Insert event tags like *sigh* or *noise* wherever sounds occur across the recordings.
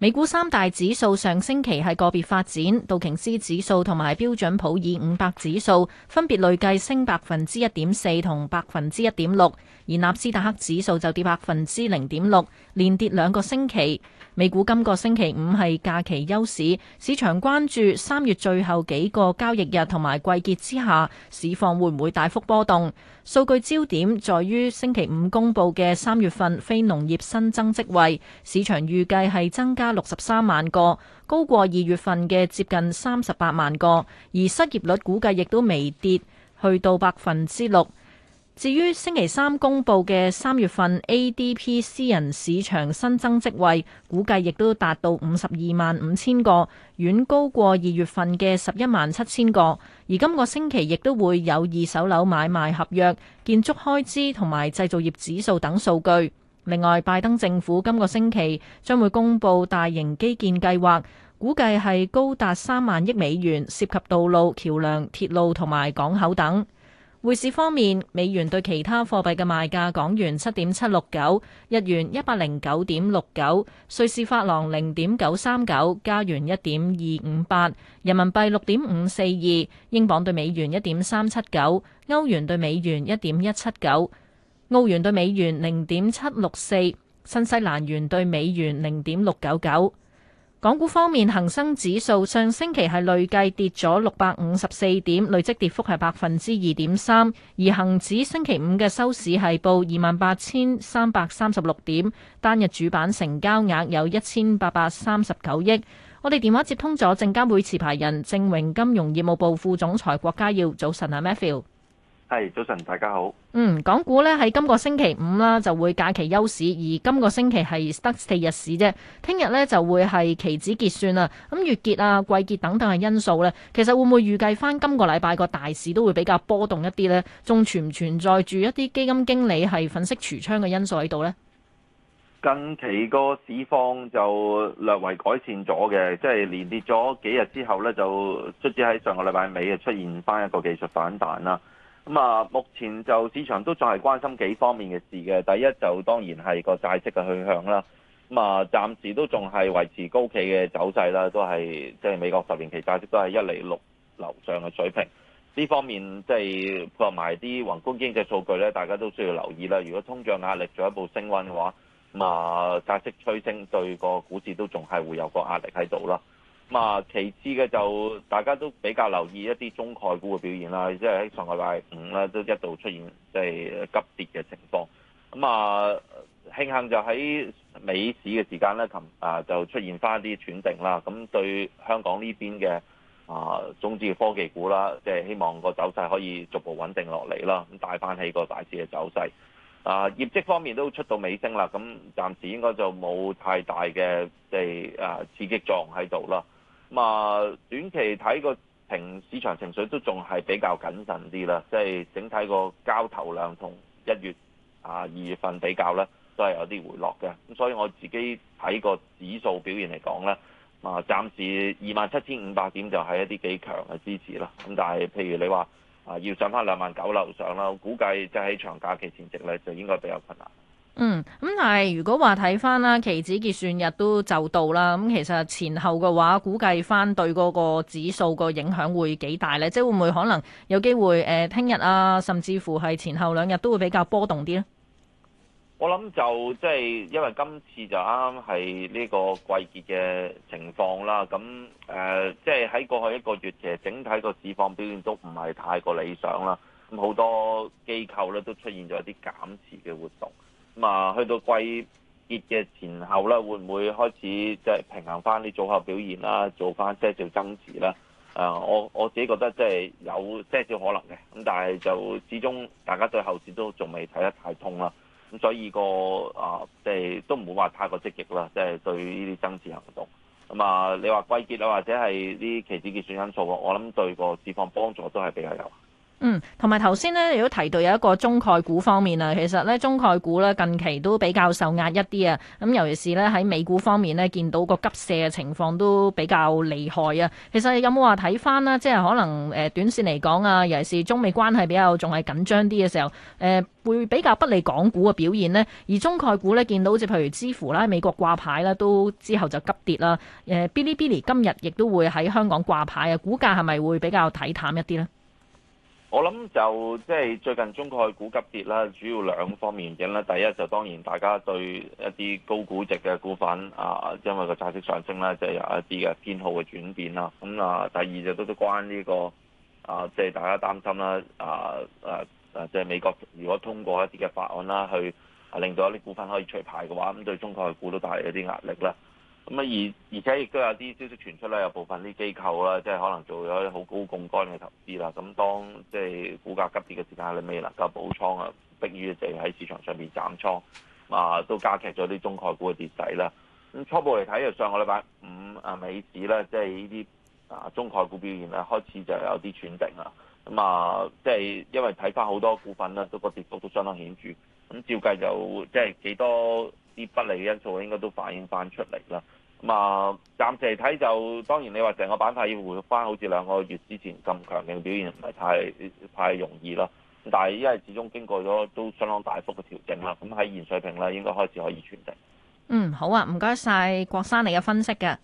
美股三大指數上星期係個別發展，道瓊斯指數同埋標準普爾五百指數分別累計升百分之一點四同百分之一點六，而納斯達克指數就跌百分之零點六，連跌兩個星期。美股今個星期五係假期休市，市場關注三月最後幾個交易日同埋季結之下市況會唔會大幅波動。數據焦點在於星期五公佈嘅三月份非農業新增職位，市場預計係增加。六十三萬個，高過二月份嘅接近三十八萬個，而失業率估計亦都微跌去到百分之六。至於星期三公佈嘅三月份 ADP 私人市場新增職位，估計亦都達到五十二萬五千個，遠高過二月份嘅十一萬七千個。而今個星期亦都會有二手樓買賣合約、建築開支同埋製造業指數等數據。另外，拜登政府今個星期將會公布大型基建計劃，估計係高達三萬億美元，涉及道路、橋樑、鐵路同埋港口等。匯市方面，美元對其他貨幣嘅賣價：港元七點七六九，日元一百零九點六九，瑞士法郎零點九三九，加元一點二五八，人民幣六點五四二，英鎊對美元一點三七九，歐元對美元一點一七九。澳元兌美元零點七六四，新西蘭元兌美元零點六九九。港股方面，恒生指數上星期係累計跌咗六百五十四點，累積跌幅係百分之二點三。而恒指星期五嘅收市係報二萬八千三百三十六點，單日主板成交額有一千八百三十九億。我哋電話接通咗證監會持牌人正榮金融業務部副總裁郭家耀，早晨啊，Matthew。係、hey, 早晨，大家好。嗯，港股咧喺今個星期五啦，就會假期休市，而今個星期係得四日市啫。聽日咧就會係期指結算啊，咁、嗯、月結啊、季結等等嘅因素咧，其實會唔會預計翻今個禮拜個大市都會比較波動一啲咧？仲存唔存在住一啲基金經理係粉飾櫥窗嘅因素喺度咧？近期個市況就略為改善咗嘅，即係連跌咗幾日之後咧，就直至喺上個禮拜尾出現翻一個技術反彈啦。咁啊，目前就市場都仲係關心幾方面嘅事嘅。第一就當然係個債息嘅去向啦。咁啊，暫時都仲係維持高企嘅走勢啦，都係即係美國十年期債息都係一厘六樓上嘅水平。呢方面即係配合埋啲宏觀經濟數據咧，大家都需要留意啦。如果通脹壓力進一步升溫嘅話，咁啊債息趨升對個股市都仲係會有個壓力喺度啦。咁啊，其次嘅就大家都比較留意一啲中概股嘅表現啦，即係喺上個禮拜五啦，都一度出現即係、就是、急跌嘅情況。咁啊，慶幸就喺美市嘅時間咧，琴啊就出現翻啲轉定啦。咁對香港呢邊嘅啊，中資科技股啦，即係希望個走勢可以逐步穩定落嚟啦，咁帶翻起個大市嘅走勢。啊，業績方面都出到尾聲啦，咁暫時應該就冇太大嘅誒、就是啊、刺激作用喺度啦。啊，短期睇個情市場情緒都仲係比較謹慎啲啦，即係整體個交投量同一月啊、二月份比較咧，都係有啲回落嘅。咁所以我自己睇個指數表現嚟講咧，啊，暫時二萬七千五百點就係一啲幾強嘅支持啦。咁但係，譬如你話啊，要上返兩萬九樓上啦，我估計即係喺長假期前夕咧，就應該比較困難。嗯，咁但係如果話睇翻啦，期指結算日都就到啦，咁其實前後嘅話，估計翻對嗰個指數個影響會幾大咧？即係會唔會可能有機會誒，聽日啊，甚至乎係前後兩日都會比較波動啲咧？我諗就即係，因為今次就啱啱係呢個季結嘅情況啦，咁誒，即係喺過去一個月，其實整體個市況表現都唔係太過理想啦，咁好多機構咧都出現咗一啲減持嘅活動。咁啊，去到季結嘅前後啦，會唔會開始即係平衡翻啲組合表現啦，做翻些少做增持啦？誒，我我自己覺得即係有些少可能嘅，咁但係就始終大家對後市都仲未睇得太通啦。咁所以個啊，即係都唔好話太過積極啦，即係對呢啲增持行動。咁啊，你話季結啦，或者係呢啲期指結算因素，我諗對個市況幫助都係比較有。嗯，同埋頭先咧，亦都提到有一個中概股方面啊，其實咧中概股咧近期都比較受壓一啲啊。咁尤其是咧喺美股方面咧，見到個急瀉嘅情況都比較厲害啊。其實有冇話睇翻啦？即係可能誒、呃、短線嚟講啊，尤其是中美關係比較仲係緊張啲嘅時候，誒、呃、會比較不利港股嘅表現呢。而中概股咧見到好似譬如支付啦，美國掛牌啦，都之後就急跌啦。誒、呃，嗶哩嗶哩今日亦都會喺香港掛牌啊，股價係咪會比較睇淡一啲呢？我諗就即係、就是、最近中概股急跌啦，主要兩方面原因啦。第一就當然大家對一啲高估值嘅股份啊，因為個債息上升啦，即、就、係、是、有一啲嘅偏好嘅轉變啦。咁啊，第二就都都關呢、這個啊，即、就、係、是、大家擔心啦啊啊啊，即、啊、係、就是、美國如果通過一啲嘅法案啦，去令到一啲股份可以除牌嘅話，咁對中概股都帶嚟一啲壓力啦。咁啊，而而且亦都有啲消息傳出啦，有部分啲機構啦，即係可能做咗啲好高槓桿嘅投資啦。咁當即係股價急跌嘅時間你未能夠補倉啊，迫於就喺市場上邊斬倉啊，都加劇咗啲中概股嘅跌勢啦。咁、啊、初步嚟睇就上個禮拜五啊，美市咧，即係呢啲啊中概股表現咧，開始就有啲喘定啊。咁啊，即係因為睇翻好多股份咧，都個跌幅都相當顯著。咁、啊、照計就即係幾多啲不利因素應該都反映翻出嚟啦。啊，暫時嚟睇就當然你話成個板塊要回復翻好似兩個月之前咁強勁表現，唔係太太容易咯。但係因為始終經過咗都相當大幅嘅調整啦，咁喺現水平呢應該開始可以喘定。嗯，好啊，唔該晒郭生你嘅分析嘅。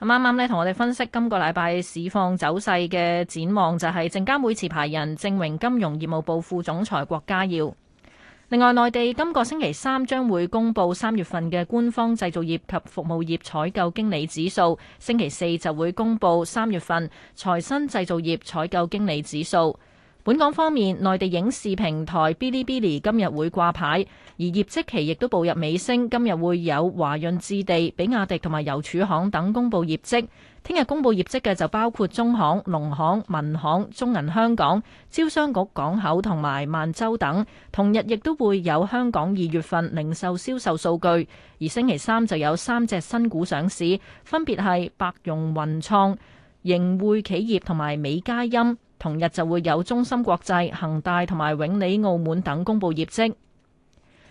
咁啱啱呢，同我哋分析今個禮拜市況走勢嘅展望，就係證監會持牌人正榮金融業務部副總裁郭家耀。另外，內地今個星期三將會公布三月份嘅官方製造業及服務業採購經理指數，星期四就會公布三月份財新製造業採購經理指數。本港方面，內地影視平台 Bilibili 今日會掛牌，而業績期亦都步入尾聲。今日會有華潤置地、比亞迪同埋郵儲行等公布業績。聽日公布業績嘅就包括中行、農行、民行、中銀香港、招商局港口同埋萬洲等。同日亦都會有香港二月份零售銷售數據。而星期三就有三隻新股上市，分別係百融雲創、盈匯企業同埋美佳音。同日就會有中芯國際、恒大同埋永利澳門等公布業績。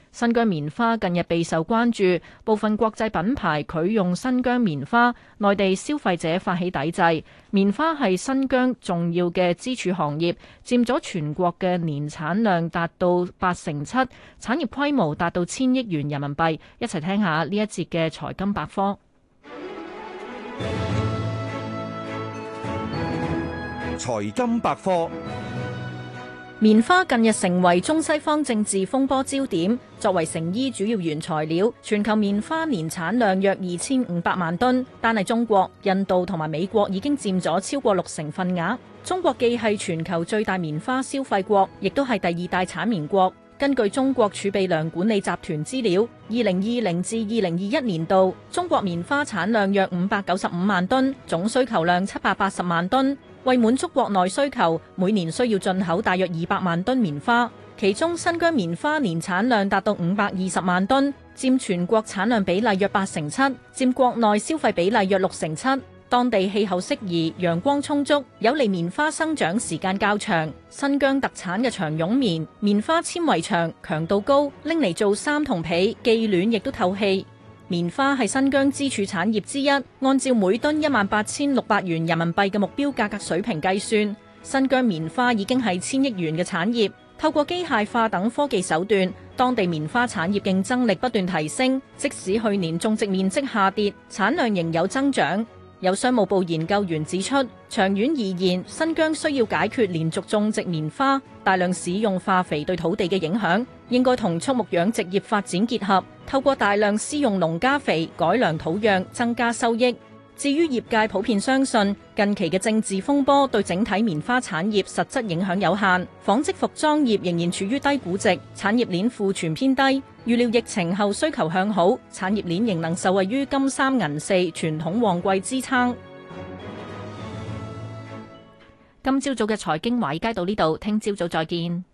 新疆棉花近日備受關注，部分國際品牌拒用新疆棉花，內地消費者發起抵制。棉花係新疆重要嘅支柱行業，佔咗全國嘅年產量達到八成七，產業規模達到千億元人民幣。一齊聽下呢一節嘅財金百科。 *noise* 財金百科。棉花近日成為中西方政治風波焦點。作為成衣主要原材料，全球棉花年產量約二千五百萬噸，但係中國、印度同埋美國已經占咗超過六成份額。中國既係全球最大棉花消費國，亦都係第二大產棉國。根據中國儲備糧管理集團資料，二零二零至二零二一年度，中國棉花產量約五百九十五萬噸，總需求量七百八十萬噸。為滿足國內需求，每年需要進口大約二百萬噸棉花，其中新疆棉花年產量達到五百二十萬噸，佔全國產量比例約八成七，佔國內消費比例約六成七。當地氣候適宜，陽光充足，有利棉花生長時間較長。新疆特產嘅長絨棉，棉花纖維長、強度高，拎嚟做衫同被，既暖亦都透氣。棉花係新疆支柱產業之一，按照每噸一萬八千六百元人民幣嘅目標價格水平計算，新疆棉花已經係千億元嘅產業。透過機械化等科技手段，當地棉花產業競爭力不斷提升。即使去年種植面積下跌，產量仍有增長。有商務部研究員指出，長遠而言，新疆需要解決連續種植棉花、大量使用化肥對土地嘅影響，應該同畜牧養殖業發展結合。透過大量施用農家肥，改良土壤，增加收益。至於業界普遍相信近期嘅政治風波對整體棉花產業實質影響有限，紡織服裝業仍然處於低估值，產業鏈庫存偏低，預料疫情後需求向好，產業鏈仍能受惠於金三銀四傳統旺季支撐。今朝早嘅財經華爾街到呢度，聽朝早再見。